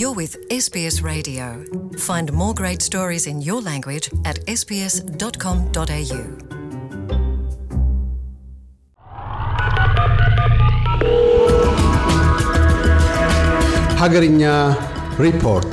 You're with SBS Radio. Find more great stories in your language at sbs.com.au. Hagarinya Report.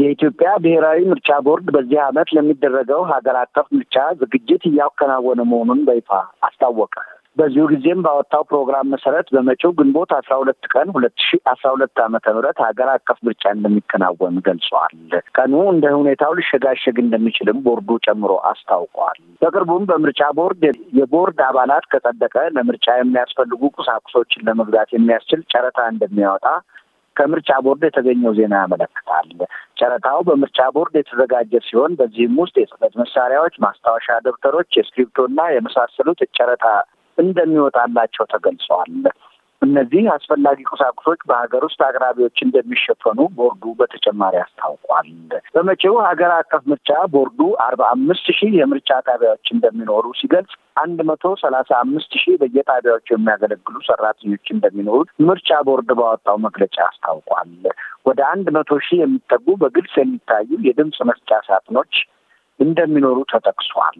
የኢትዮጵያ ብሔራዊ ምርጫ ቦርድ በዚህ ዓመት ለሚደረገው ሀገር አቀፍ ምርጫ ዝግጅት እያከናወነ መሆኑን በይፋ አስታወቀ። በዚሁ ጊዜም ባወጣው ፕሮግራም መሰረት በመጪው ግንቦት አስራ ሁለት ቀን ሁለት ሺ አስራ ሁለት ዓመተ ምህረት ሀገር አቀፍ ምርጫ እንደሚከናወን ገልጿል። ቀኑ እንደ ሁኔታው ሊሸጋሸግ እንደሚችልም ቦርዱ ጨምሮ አስታውቋል። በቅርቡም በምርጫ ቦርድ የቦርድ አባላት ከጸደቀ ለምርጫ የሚያስፈልጉ ቁሳቁሶችን ለመግዛት የሚያስችል ጨረታ እንደሚያወጣ ከምርጫ ቦርድ የተገኘው ዜና ያመለክታል። ጨረታው በምርጫ ቦርድ የተዘጋጀ ሲሆን በዚህም ውስጥ የጽህፈት መሳሪያዎች፣ ማስታወሻ ደብተሮች፣ የእስክሪብቶና የመሳሰሉት ጨረታ እንደሚወጣላቸው ተገልጸዋል። እነዚህ አስፈላጊ ቁሳቁሶች በሀገር ውስጥ አቅራቢዎች እንደሚሸፈኑ ቦርዱ በተጨማሪ አስታውቋል። በመጪው ሀገር አቀፍ ምርጫ ቦርዱ አርባ አምስት ሺህ የምርጫ ጣቢያዎች እንደሚኖሩ ሲገልጽ አንድ መቶ ሰላሳ አምስት ሺህ በየጣቢያዎቹ የሚያገለግሉ ሰራተኞች እንደሚኖሩት ምርጫ ቦርድ ባወጣው መግለጫ አስታውቋል። ወደ አንድ መቶ ሺህ የሚጠጉ በግልጽ የሚታዩ የድምፅ መስጫ ሳጥኖች እንደሚኖሩ ተጠቅሷል።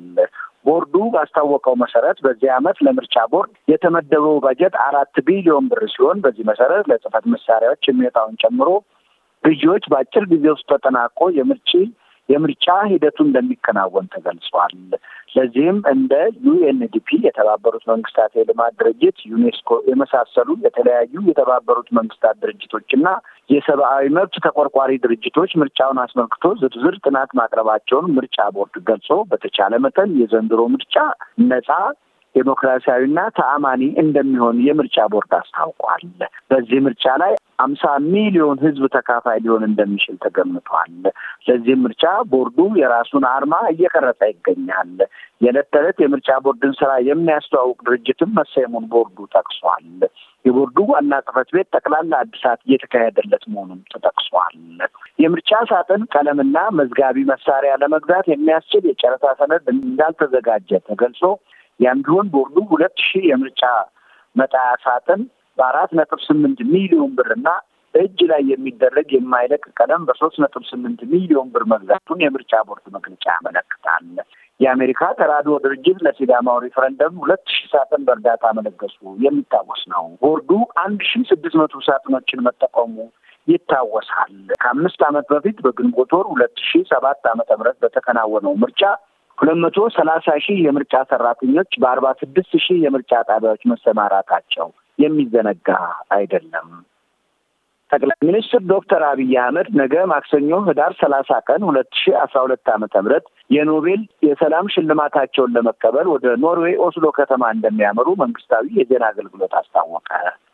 ቦርዱ ባስታወቀው መሰረት በዚህ ዓመት ለምርጫ ቦርድ የተመደበው በጀት አራት ቢሊዮን ብር ሲሆን በዚህ መሰረት ለጽህፈት መሳሪያዎች የሚወጣውን ጨምሮ ግዢዎች በአጭር ጊዜ ውስጥ ተጠናቆ የምርጭ የምርጫ ሂደቱ እንደሚከናወን ተገልጿል። ለዚህም እንደ ዩኤንዲፒ የተባበሩት መንግስታት የልማት ድርጅት ዩኔስኮ የመሳሰሉ የተለያዩ የተባበሩት መንግስታት ድርጅቶችና የሰብአዊ መብት ተቆርቋሪ ድርጅቶች ምርጫውን አስመልክቶ ዝርዝር ጥናት ማቅረባቸውን ምርጫ ቦርድ ገልጾ በተቻለ መጠን የዘንድሮ ምርጫ ነፃ ዴሞክራሲያዊና ተአማኒ እንደሚሆን የምርጫ ቦርድ አስታውቋል። በዚህ ምርጫ ላይ አምሳ ሚሊዮን ህዝብ ተካፋይ ሊሆን እንደሚችል ተገምቷል። ለዚህም ምርጫ ቦርዱ የራሱን አርማ እየቀረጸ ይገኛል። የዕለት ተዕለት የምርጫ ቦርድን ስራ የሚያስተዋውቅ ድርጅትም መሰየሙን ቦርዱ ጠቅሷል። የቦርዱ ዋና ጽህፈት ቤት ጠቅላላ እድሳት እየተካሄደለት መሆኑን ተጠቅሷል። የምርጫ ሳጥን ቀለምና መዝጋቢ መሳሪያ ለመግዛት የሚያስችል የጨረታ ሰነድ እንዳልተዘጋጀ ተገልጾ ያንቢሆን ቦርዱ ሁለት ሺህ የምርጫ መጣያ ሳጥን በአራት ነጥብ ስምንት ሚሊዮን ብርና እጅ ላይ የሚደረግ የማይለቅ ቀለም በሶስት ነጥብ ስምንት ሚሊዮን ብር መግዛቱን የምርጫ ቦርድ መግለጫ ያመለክታል። የአሜሪካ ተራድኦ ድርጅት ለሲዳማው ሪፈረንደም ሁለት ሺ ሳጥን በእርዳታ መለገሱ የሚታወስ ነው። ቦርዱ አንድ ሺ ስድስት መቶ ሳጥኖችን መጠቀሙ ይታወሳል። ከአምስት ዓመት በፊት በግንቦት ወር ሁለት ሺ ሰባት ዓመተ ምህረት በተከናወነው ምርጫ ሁለት መቶ ሰላሳ ሺህ የምርጫ ሰራተኞች በአርባ ስድስት ሺህ የምርጫ ጣቢያዎች መሰማራታቸው የሚዘነጋ አይደለም። ጠቅላይ ሚኒስትር ዶክተር አብይ አህመድ ነገ ማክሰኞ ህዳር ሰላሳ ቀን ሁለት ሺ አስራ ሁለት ዓመተ ምህረት የኖቤል የሰላም ሽልማታቸውን ለመቀበል ወደ ኖርዌይ ኦስሎ ከተማ እንደሚያመሩ መንግስታዊ የዜና አገልግሎት አስታወቀ።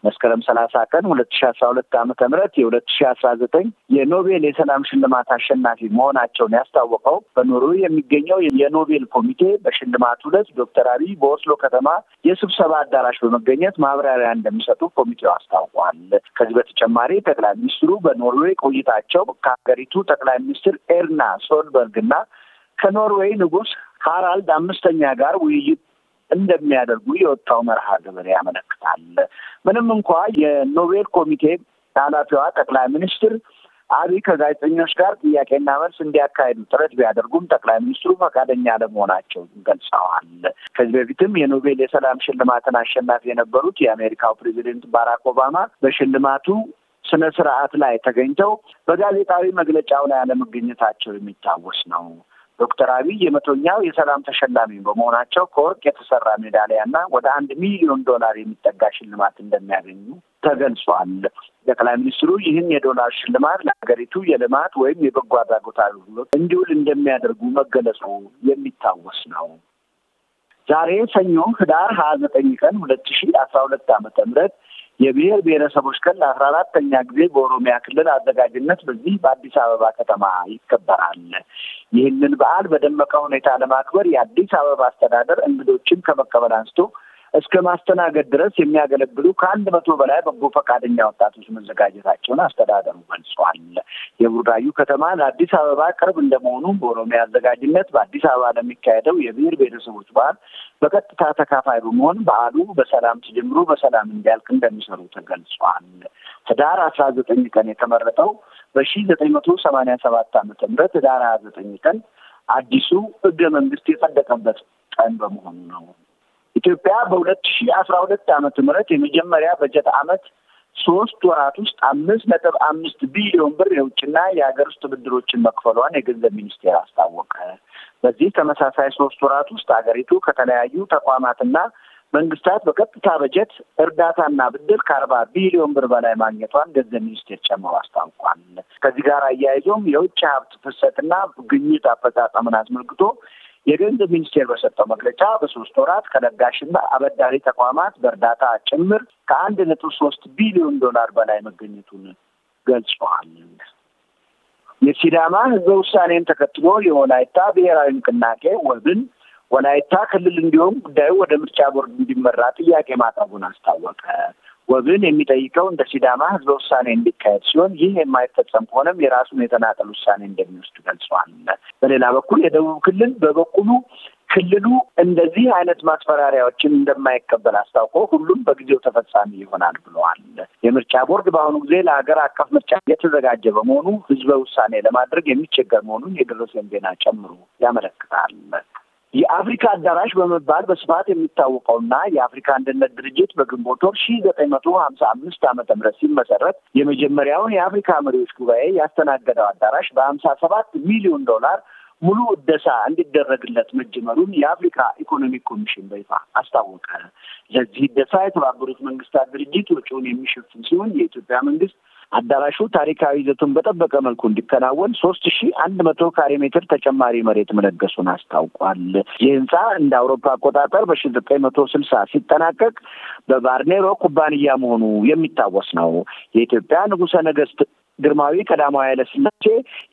መስከረም ሰላሳ ቀን ሁለት ሺ አስራ ሁለት ዓመተ ምህረት የሁለት ሺ አስራ ዘጠኝ የኖቤል የሰላም ሽልማት አሸናፊ መሆናቸውን ያስታወቀው በኖርዌይ የሚገኘው የኖቤል ኮሚቴ በሽልማቱ ዕለት ዶክተር አብይ በኦስሎ ከተማ የስብሰባ አዳራሽ በመገኘት ማብራሪያ እንደሚሰጡ ኮሚቴው አስታውቋል። ከዚህ በተጨማሪ ጠቅላይ ሚኒስትሩ በኖርዌይ ቆይታቸው ከሀገሪቱ ጠቅላይ ሚኒስትር ኤርና ሶልበርግ እና ከኖርዌይ ንጉስ ሃራልድ አምስተኛ ጋር ውይይት እንደሚያደርጉ የወጣው መርሃ ግብር ያመለክታል። ምንም እንኳ የኖቤል ኮሚቴ ኃላፊዋ ጠቅላይ ሚኒስትር አብይ ከጋዜጠኞች ጋር ጥያቄና መልስ እንዲያካሄዱ ጥረት ቢያደርጉም ጠቅላይ ሚኒስትሩ ፈቃደኛ አለመሆናቸውን ገልጸዋል። ከዚህ በፊትም የኖቤል የሰላም ሽልማትን አሸናፊ የነበሩት የአሜሪካው ፕሬዚደንት ባራክ ኦባማ በሽልማቱ ስነ ስርዓት ላይ ተገኝተው በጋዜጣዊ መግለጫው ላይ አለመገኘታቸው የሚታወስ ነው። ዶክተር አብይ የመቶኛው የሰላም ተሸላሚ በመሆናቸው ከወርቅ የተሰራ ሜዳሊያና ወደ አንድ ሚሊዮን ዶላር የሚጠጋ ሽልማት እንደሚያገኙ ተገልጿል። ጠቅላይ ሚኒስትሩ ይህን የዶላር ሽልማት ለሀገሪቱ የልማት ወይም የበጎ አድራጎት አገልግሎት እንዲውል እንደሚያደርጉ መገለጹ የሚታወስ ነው። ዛሬ ሰኞ ህዳር ሀያ ዘጠኝ ቀን ሁለት ሺ አስራ ሁለት ዓመተ ምህረት የብሔር ብሔረሰቦች ቀን ለአስራ አራተኛ ጊዜ በኦሮሚያ ክልል አዘጋጅነት በዚህ በአዲስ አበባ ከተማ ይከበራል። ይህንን በዓል በደመቀ ሁኔታ ለማክበር የአዲስ አበባ አስተዳደር እንግዶችን ከመቀበል አንስቶ እስከ ማስተናገድ ድረስ የሚያገለግሉ ከአንድ መቶ በላይ በጎ ፈቃደኛ ወጣቶች መዘጋጀታቸውን አስተዳደሩ ገልጿል። የቡራዩ ከተማ ለአዲስ አበባ ቅርብ እንደመሆኑ በኦሮሚያ አዘጋጅነት በአዲስ አበባ ለሚካሄደው የብሔር ቤተሰቦች በዓል በቀጥታ ተካፋይ በመሆን በዓሉ በሰላም ተጀምሮ በሰላም እንዲያልቅ እንደሚሰሩ ተገልጿል። ህዳር አስራ ዘጠኝ ቀን የተመረጠው በሺ ዘጠኝ መቶ ሰማኒያ ሰባት ዓመተ ምህረት ህዳር ሀያ ዘጠኝ ቀን አዲሱ ህገ መንግስት የጸደቀበት ቀን በመሆኑ ነው። ኢትዮጵያ በሁለት ሺ አስራ ሁለት ዓመተ ምህረት የመጀመሪያ በጀት ዓመት ሶስት ወራት ውስጥ አምስት ነጥብ አምስት ቢሊዮን ብር የውጭና የሀገር ውስጥ ብድሮችን መክፈሏን የገንዘብ ሚኒስቴር አስታወቀ። በዚህ ተመሳሳይ ሶስት ወራት ውስጥ ሀገሪቱ ከተለያዩ ተቋማትና መንግስታት በቀጥታ በጀት እርዳታና ብድር ከአርባ ቢሊዮን ብር በላይ ማግኘቷን ገንዘብ ሚኒስቴር ጨምሮ አስታውቋል። ከዚህ ጋር አያይዞም የውጭ ሀብት ፍሰትና ግኝት አፈጻጸምን አስመልክቶ የገንዘብ ሚኒስቴር በሰጠው መግለጫ በሶስት ወራት ከለጋሽና አበዳሪ ተቋማት በእርዳታ ጭምር ከአንድ ነጥብ ሶስት ቢሊዮን ዶላር በላይ መገኘቱን ገልጸዋል። የሲዳማ ህዝበ ውሳኔን ተከትሎ የወላይታ ብሔራዊ ንቅናቄ ወብን ወላይታ ክልል እንዲሆን ጉዳዩ ወደ ምርጫ ቦርድ እንዲመራ ጥያቄ ማቅረቡን አስታወቀ። ወግን የሚጠይቀው እንደ ሲዳማ ህዝበ ውሳኔ እንዲካሄድ ሲሆን ይህ የማይፈጸም ከሆነም የራሱን የተናጠል ውሳኔ እንደሚወስድ ገልጿል። በሌላ በኩል የደቡብ ክልል በበኩሉ ክልሉ እንደዚህ አይነት ማስፈራሪያዎችን እንደማይቀበል አስታውቆ ሁሉም በጊዜው ተፈጻሚ ይሆናል ብለዋል። የምርጫ ቦርድ በአሁኑ ጊዜ ለሀገር አቀፍ ምርጫ የተዘጋጀ በመሆኑ ህዝበ ውሳኔ ለማድረግ የሚቸገር መሆኑን የደረሰን ዜና ጨምሮ ያመለክታል። የአፍሪካ አዳራሽ በመባል በስፋት የሚታወቀውና የአፍሪካ አንድነት ድርጅት በግንቦት ወር ሺ ዘጠኝ መቶ ሀምሳ አምስት ዓመተ ምህረት ሲመሰረት የመጀመሪያውን የአፍሪካ መሪዎች ጉባኤ ያስተናገደው አዳራሽ በሀምሳ ሰባት ሚሊዮን ዶላር ሙሉ እደሳ እንዲደረግለት መጀመሩን የአፍሪካ ኢኮኖሚክ ኮሚሽን በይፋ አስታወቀ። ለዚህ እደሳ የተባበሩት መንግስታት ድርጅት ወጪውን የሚሸፍን ሲሆን የኢትዮጵያ መንግስት አዳራሹ ታሪካዊ ይዘቱን በጠበቀ መልኩ እንዲከናወን ሶስት ሺ አንድ መቶ ካሬ ሜትር ተጨማሪ መሬት መለገሱን አስታውቋል። ይህ ህንፃ እንደ አውሮፓ አቆጣጠር በሺ ዘጠኝ መቶ ስልሳ ሲጠናቀቅ በባርኔሮ ኩባንያ መሆኑ የሚታወስ ነው። የኢትዮጵያ ንጉሠ ነገሥት ግርማዊ ቀዳማዊ ኃይለ ሥላሴ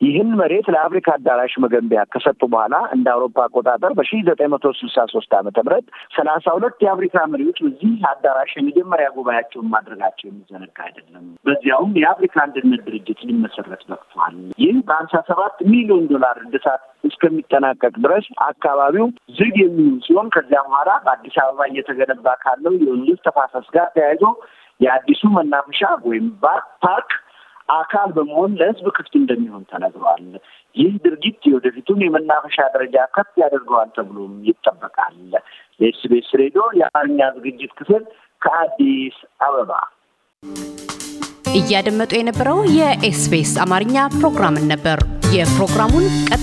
ይህን መሬት ለአፍሪካ አዳራሽ መገንቢያ ከሰጡ በኋላ እንደ አውሮፓ አቆጣጠር በሺ ዘጠኝ መቶ ስልሳ ሶስት ዓመተ ምህረት ሰላሳ ሁለት የአፍሪካ መሪዎች በዚህ አዳራሽ የመጀመሪያ ጉባኤያቸውን ማድረጋቸው የሚዘነጋ አይደለም። በዚያውም የአፍሪካ አንድነት ድርጅት ሊመሰረት በቅቷል። ይህ በሀምሳ ሰባት ሚሊዮን ዶላር እድሳት እስከሚጠናቀቅ ድረስ አካባቢው ዝግ የሚሆን ሲሆን ከዚያ በኋላ በአዲስ አበባ እየተገነባ ካለው የወንዝ ተፋሰስ ጋር ተያይዞ የአዲሱ መናፈሻ ወይም ባር ፓርክ አካል በመሆን ለህዝብ ክፍት እንደሚሆን ተነግሯል። ይህ ድርጊት የወደፊቱን የመናፈሻ ደረጃ ከፍ ያደርገዋል ተብሎም ይጠበቃል። የኤስቤስ ሬዲዮ የአማርኛ ዝግጅት ክፍል ከአዲስ አበባ እያደመጡ የነበረው የኤስቤስ አማርኛ ፕሮግራምን ነበር። የፕሮግራሙን